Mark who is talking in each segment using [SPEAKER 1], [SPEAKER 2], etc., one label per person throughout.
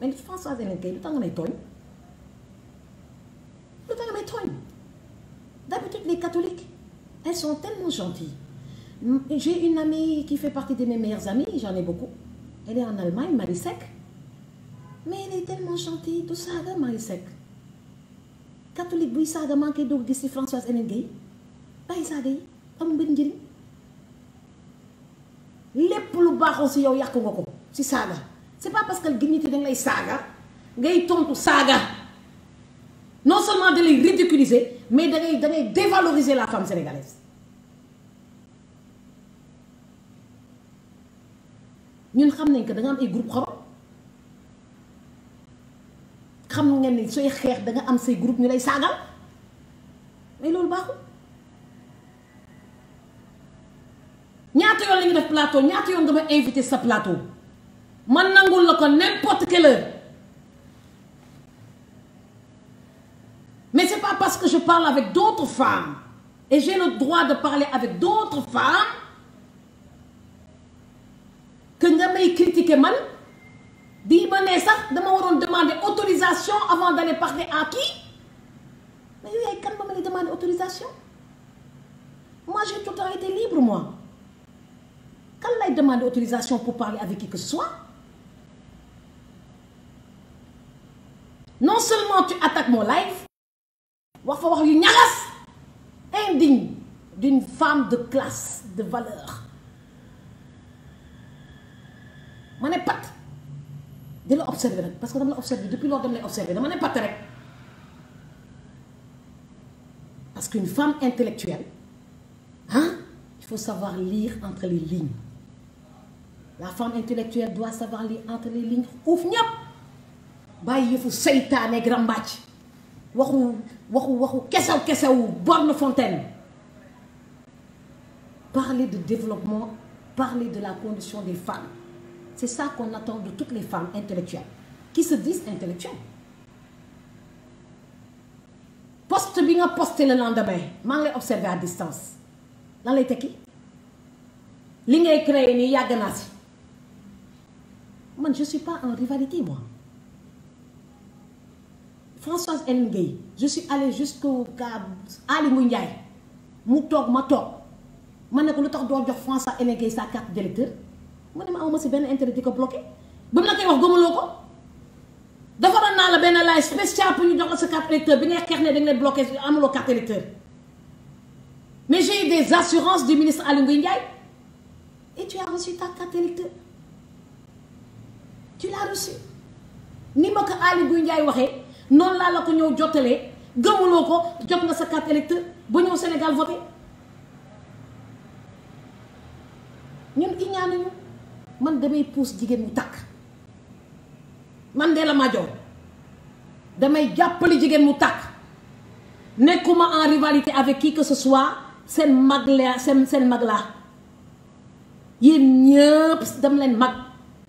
[SPEAKER 1] mais Françoise Hélène kay lu tax nga may tooñ lu tax nga may tooñ d'habitude les catholiques elles sont tellement gentilles j'ai une amie qui fait partie de mes meilleures amies j'en ai beaucoup elle est en Allemagne Marie Seck mais elle est tellement gentille du saaga Marie Seck catholique buy saaga maa ngi koy doog gis ci Françoise Hélène Gueye bàyyi saaga yi amul benn njëriñ lépp lu baaxoon ci yow yàq nga ko ci saaga c'est pas parce que nit ñi dañ lay saaga ngay tontu saaga non seulement da lay ridiculiser mais da ngay da ngay dévaloriser la femme sénégalaise. ñun xam nañ ko da nga am ay groupe xorom xam ngeen ni sooy xeex da nga am say groupe ñu lay saagal mais loolu baaxul. ñaata yoon la ñu def plateau ñaata yoon nga ma invité sa plateau. man nangul la ko n'importe quelle heure mais c'est parce que je parle avec d'autres femmes e j'ai le droit de parler avec d'autres femmes que nga may critiquer man di ma ne sax dama waroon demander autorisation avant d'aller parler à qui mais yow yaay kan ba ma lay demander autorisation moi j'ai tout le temps été libre moi kan lay demander autorisation pour parler avec qui que ce non seulement tu attaques mon live wax fa wax yu ñagas indigne d'une femme de classe de valeur ma ne pat di la observer nag parce que dama la observer depuis lors dama lay observer dama ne pat rek parce qu'une femme intellectuelle ah il faut savoir lire entre les lignes la femme intellectuelle doit savoir lire entre les lignes ouf ñëpp bàyyi yëfu seytaaneeg ràmbaaj waxu waxu waxu kesew kesewu borne fontaine parler de développement parler de la condition des femmes c'est ça qu'on attend de toutes les femmes intellectuelles qui se disent intellectuelles poste bi nga posté le lendemain maa ngi lay observé à distance lan lay tekki li ngay créé nii yàgg naa si man je suis pas en rivalité moi Françoise Hélène Gueye je suis allée jusqu'au cas Alimou Ndiaye mu toog ma toog man ne ko lu tax doo jox Françoise Hélène Gueye sa carte d'électeur mu ne ma awma si benn intérêt di ko bloqué ba mu la koy wax gëmaloo ko dafa defaroon naa la benn laay spécial pour ñu jox la sa carte électeur bi ngay xeex ne da nga bloqué amuloo carte électeur mais j'ai des assurances du ministre Alimou Ndiaye et tu as reçu ta carte électeur tu l'as reçu ni ma ko ali Alimou Ndiaye waxee noonu laa la ko ñëw jottalee gëmuloo ko jot nga sa carte électeur ba ñëw Sénégal voté ñun iñaanuñu man damay puus jigéen mu takk man de la major damay jàppale jigéen mu takk nekkuma en rivalité avec qui que ce soit seen mag la seen seen mag laa yéen ñëpp dam leen mag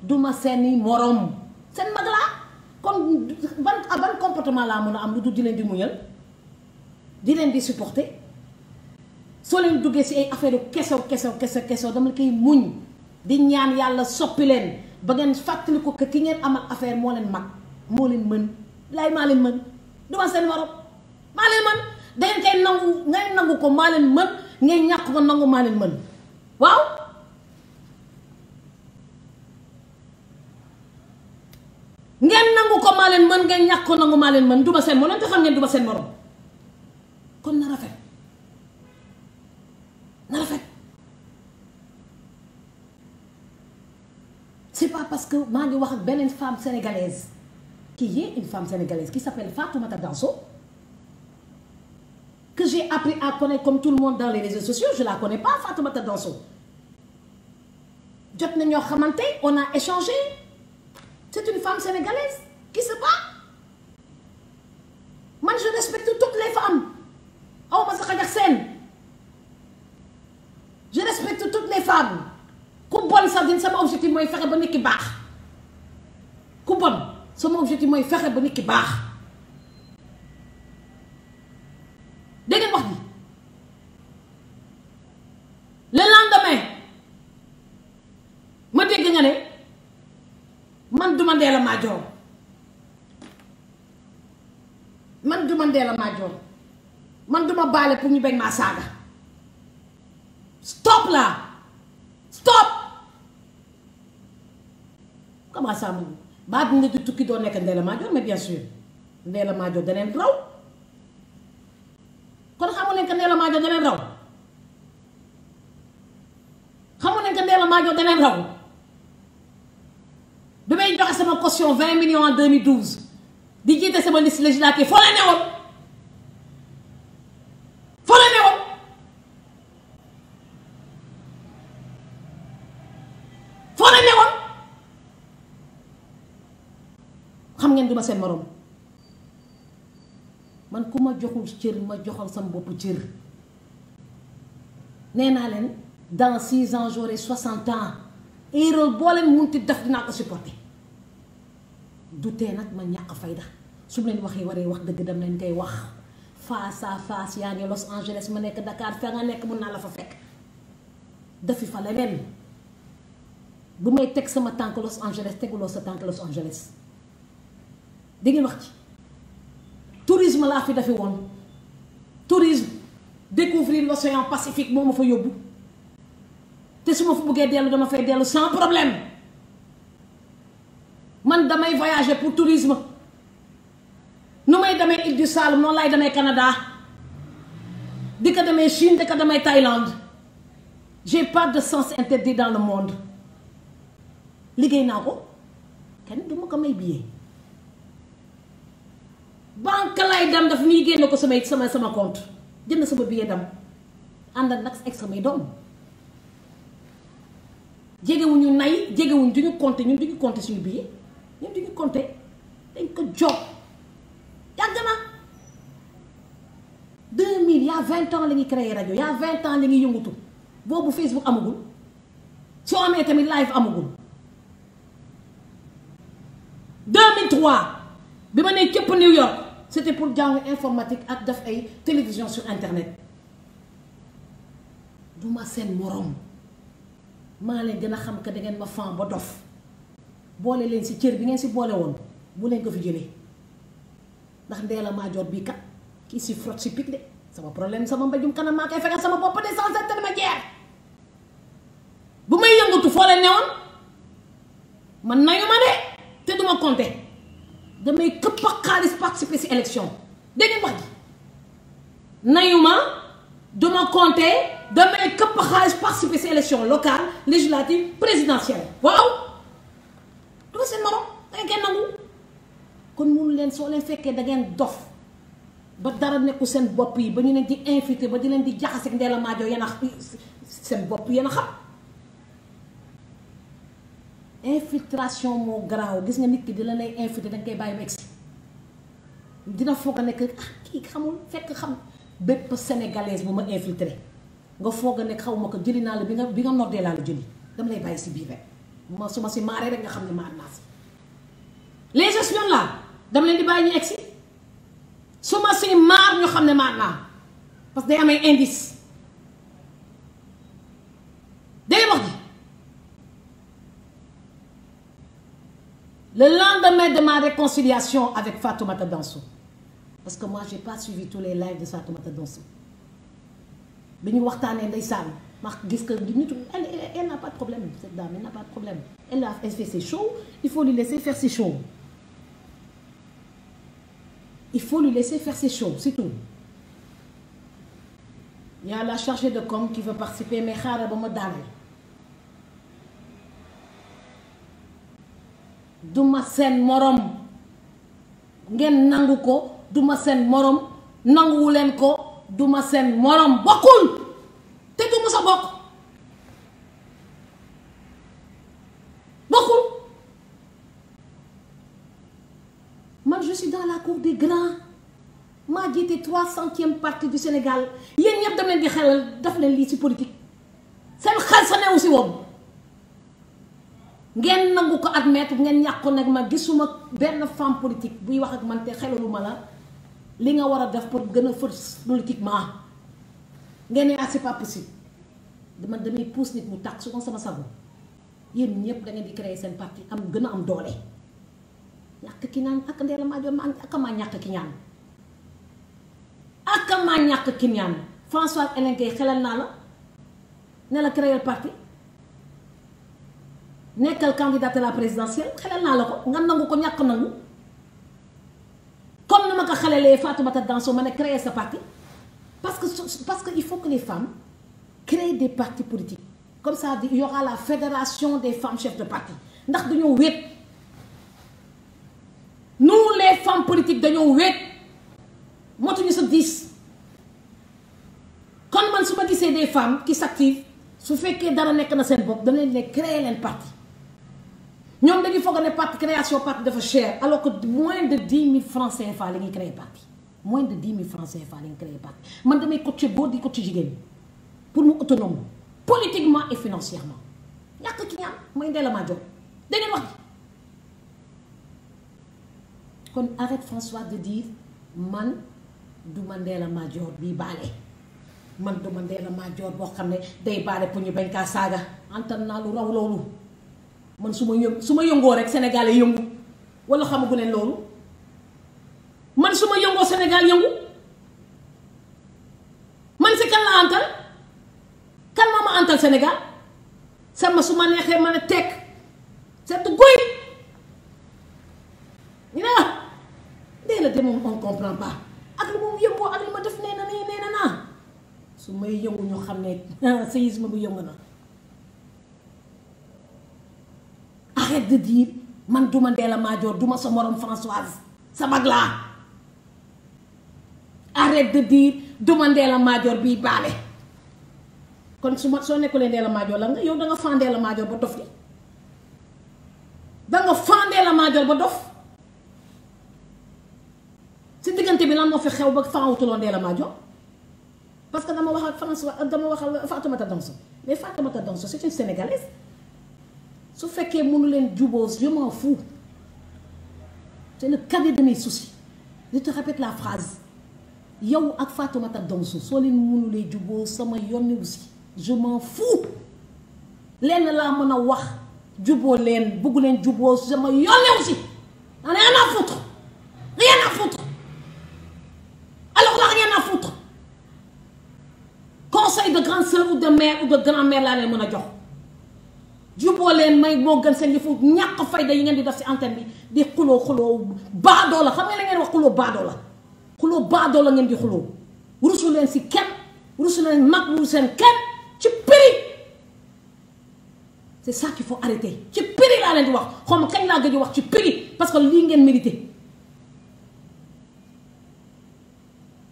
[SPEAKER 1] duma seeni moroom seen mag laa ban ah, ban comportement laa mën a am lu dul di leen di muñal di leen di supporter soo leen duggee si ay affaire kesew kesew kesew kesew dama koy muñ di ñaan yàlla soppi leen ba ngeen fàttaliku que ki ngeen amal affaire moo leen mag moo leen mën laay maa leen mën duma seen morom maa leen mën dangeen koy nangu ngay nangu ko maa leen mën ngay ñàkk ko nangu maa leen mën waaw ngeen nangu ko maa mën ngeen ñàkk ko nangu maa leen mën duma seen morom te xam ngeen duma seen morom kon na rafet na rafet c'est pas parce que maa ngi wax ak beneen femme sénégalaise qui est une femme sénégalaise qui s'appelle Fatoumata Danso que j'ai appris à connaître comme tout le monde dans les réseaux sociaux je la connais pas Fatoumata Danso jot na ñoo xamante on a échangé c'est une femme sénégalaise qui se bat man je respecte toutes les femmes aw ma sax a jax seen je respecte toutes les femmes ku bon sax din sama objectif mooy fexe ba nit ki baax ku sama objectif mooy fexe ba nit ki baax Mandela Madior man du Mandela Madior man duma baale pour ñu bañ maa saaga stop là stop comment ça moom ba dina di tukki doo nekk Ndella Madior mais bien sûr Ndella Madior daneen raw kon xamu leen que Ndella Madior daneen raw xamu leen que Ndella Madior daneen raw bi may joxe sama caution 20 millions en 2012 di jiite sama liste législative foo la newoon foo la newoon xam ngeen du seen morom man ku ma joxul cër ma joxal sama bopp cër nee naa leen dans six ans j'aurai soixante ans erreur boo leen ti def dinaa ko supporter du tee nag ma ñàkk fayda su ma leen waxee waree wax dëgg dem leen koy wax face à face yaa ngi Los Angeles ma nekk Dakar fa nga nekk mun naa la fa fekk dafi fa leneen bu may teg sama tànk Los Angeles teguloo sa tànk Los Angeles di ngeen wax ci tourisme laa fi dafi woon tourisme découvrir l'océan Pacifique moo ma fa yóbbu te su ma fu buggee dellu dama fay dellu sans problème man damay voyager pour tourisme nu may demee Île du Saloum noonu laay demee Canada di ko demee Chine di ko demee Thaïlande j'ai de sens interdit dans le monde liggéey naa ko kenn du ma ko may billet banque lay dem daf ñuy génne ko samay sama sama compte jënd sama billet dem àndal nag ak samay doom jegewuñu nay jegewuñu duñu compter ñun duñu compter suñu billet ñun duñu compter dañ ko jox yàgg na 2000 y'a 20 ans la ñuy créé rajo y'a 20 ans la ñuy yëngatu boobu Facebook amagul soo amee tamit live amagul 2003 bi ma nee cëpp New York c'était pour jàng informatique ak def ay télévision sur internet du ma seen morom. maa leen gën a xam ka da ngeen ma fan ba dof boole leen si cër bi ngeen si boole woon bu leen ko fi jëlee ndax ndee la maa bii kat kii si frot si pic de sama problème sama mbajum kanam maa koy fekkal sama boppa de sans cesse dama jeex bu may yëngatu foo leen newoon man nañu ma de te duma compter damay këpp ak xaalis participer si élection dégg nga wax ji ma duma compter. damay këpp xaalis participer si élection locale législative présidentielle waaw duma seen morom da ngeen koy nangu kon mënu leen soo leen fekkee da ngeen dof ba dara nekku seen bopp yi ba ñu leen di invité ba di leen di jaxase ak Ndella Madior yéen a seen bopp yéen a xam infiltration moo garaaw gis nga nit ki dina lay infiltré da nga koy bàyyi ba egsi dina foog a nekk ah kii xamul fekk xam bépp sénégalaise bu ma infiltré nga foog a nekk xaw ma ko jëli naa la bi nga bi nga noddee laa la jëli dama lay bàyyi si biir rek ma su ma si maaree rek nga xam ne maar naa si les di bàyyi ñu egg si su ma si maar xam ne maar que day amay indice day wax réconciliation avec Fatoumata Danso parce que moi j'ai pas suivi tous les lives de Fatoumata Danso bi ñu waxtaanee ndeysaan ma gis que du nit elle elle n'a pas de problème cette dame elle n'a pas de problème elle a fait ses shows il faut lui laisser faire ses shows il faut lui laisser faire ses shows c'est tout il y a la chargée de com qui veut participer mais xaaral ba ma daaneel duma seen morom ngeen nangu ko duma seen morom nanguwu leen ko duma seen morom bokkul cour des grands maa jiite trois centième parti du Sénégal yéen ñëpp dama leen di xelal daf leen lii ci politique seen xel sa newu si woon ngeen nangu ko bu ngeen ñàkk ko nag ma gisuma benn femme politique buy wax ak man te xelaluma la li nga war a def pour gën a fës politiquement ngeen ne ah c'est pas possible dama damay pousse nit mu tàkk su ko sama sago yéen ñëpp da ngeen di créer seen parti am gën a am doole. ak ki ñaan ak Ndella Madior ma maa ñàkk ki ñaan ak maa ñàkk ki ñaan François Hélène Gueye xelal naa la ne la créer parti nekkal candidat à la présidentielle xelal naa la ko nga nangu ko ñàkk nangu comme ni ma ko xelalee Fatoumata Danso ma ne créer sa parti parce que parce que il faut que les femmes créent des partis politiques comme ça di y aura la fédération des femmes chefs de parti ndax dañoo wéet. nous les femmes politiques dañoo wéet motuñu sa dix kon man su ma gisee des femmes ki s'activent su fekkee dara nekk na seen bopp danañ ne créer leen parti ñoom dañuy foog ne parti création parti dafa cher alors que moins de dix mille francs CFA la ñuy créer parti moins de dix mille francs CFA la ñuy créer man damay coacher góor di coacher jigéen pour mu autonome politiquement et financièrement ñàkk ki ñaan mooy Ndella Madior dangeen wax kon arrête François de dire man du Mandela Madior bii baale man du Mandela Madior boo xam ne day baale pour ñu bañ kaa saaga antan naa lu raw loolu man su ma yëng su ma yëngoo rek Sénégal yëngu wala xamagu leen loolu man su ma yëngoo Sénégal yëngu man si kan la antal kan moo ma antal Sénégal sama su ma neexee man a tekk seet guy te moom on comprend pas ak li moom yëngoo ak li ma def nee na nii nee na naa su may yëngu ñu xam ne ma bu yëngu na arrête de dire man duma Ndella Madior duma sa morom Françoise sa mag laa arrête de dire duma Ndella Madior bii baale kon su ma soo nekkulee Ndella Madior la yow da nga faa Ndella Madior ba dof li da nga faa Ndella Madior ba dof bi lan moo fi xew ba farawutuloo Ndella Madior parce que dama wax ak dama wax ak Fatoumata Danso mais Fatoumata Danso c'est une sénégalaise su fekkee mënu leen jubóo je m'en fous c'est le cadet de la phrase yow ak Fatoumata Danso soo leen mënulee jubóo sama yónni wu si je m'en lenn laa mën a wax jubóo leen bëgg leen juboo sama yónni wu si en de mère ou de grand-mère laa leen mën a jox juboo leen may moo gën seen yëfu ñàkk fayda yi ngeen di def si antenne bi di xuloo xuloo baadoo la xam nga la ngeen wax xuloo baadoo la xuloo baadoo la ngeen di xuloo rusu leen si kenn rusu leen mag rusu leen kenn ci prix c'est ça qu'il faut arrêter ci prix laa leen di wax xaw kañ laa gëj wax ci prix parce que lii ngeen mérité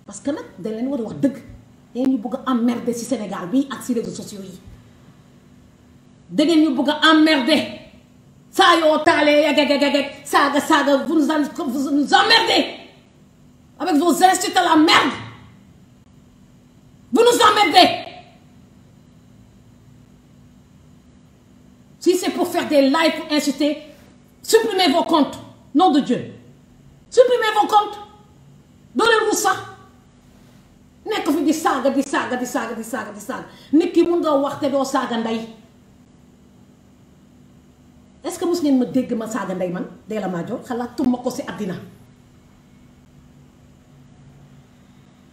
[SPEAKER 1] parce que nag dañ leen war a wax dëgg dangeen ñu bëgg a ci Sénégal bii ak ci réseaux sociaux yi dangeen ñu bëgg a emmerder saa yoo taalee yegegegeg saaga vous nous vous avec vos insultes la merde vous nous emmerdez si c'est pour faire des lives pour insulter supprimez vos comptes nom de Dieu supprimez vos comptes doo leen wut nekk fi di saaga di saaga di saaga di saaga di saaga nit ki mun nga wax te doo saaga ndey est-ce que mos ngeen ma dégg ma saaga ndey man dee la maa jox xalaatuma ko si àddina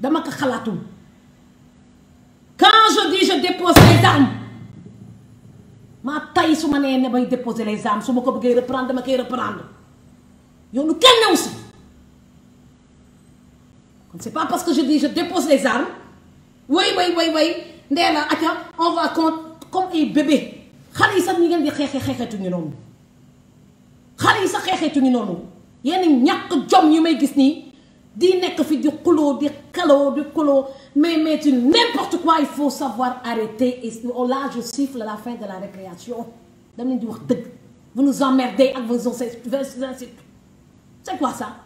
[SPEAKER 1] dama ko xalaatum quand je dis je dépose les tay su ma nee ne bay déposer les armes su ma ko bëggee reprendre dama koy reprendre yow kenn newu si c'est pas parce que je dis je dépose les armes way way way way ndee la acca on va compte comme ay bébé xale yi sax ñu ngeen di xeexee xeexeetuñu noonu xale yi sax xeexeetuñu noonu yenn ñàkk jom yu may gis nii di nekk fi di xuloo di kaloo di xuloo mais mais tu n'importe quoi il faut savoir arrêter et oh, là je siffle à la fin de la récréation dama leen di wax dëgg vous nous emmerdez ak vos insultes c'est quoi ça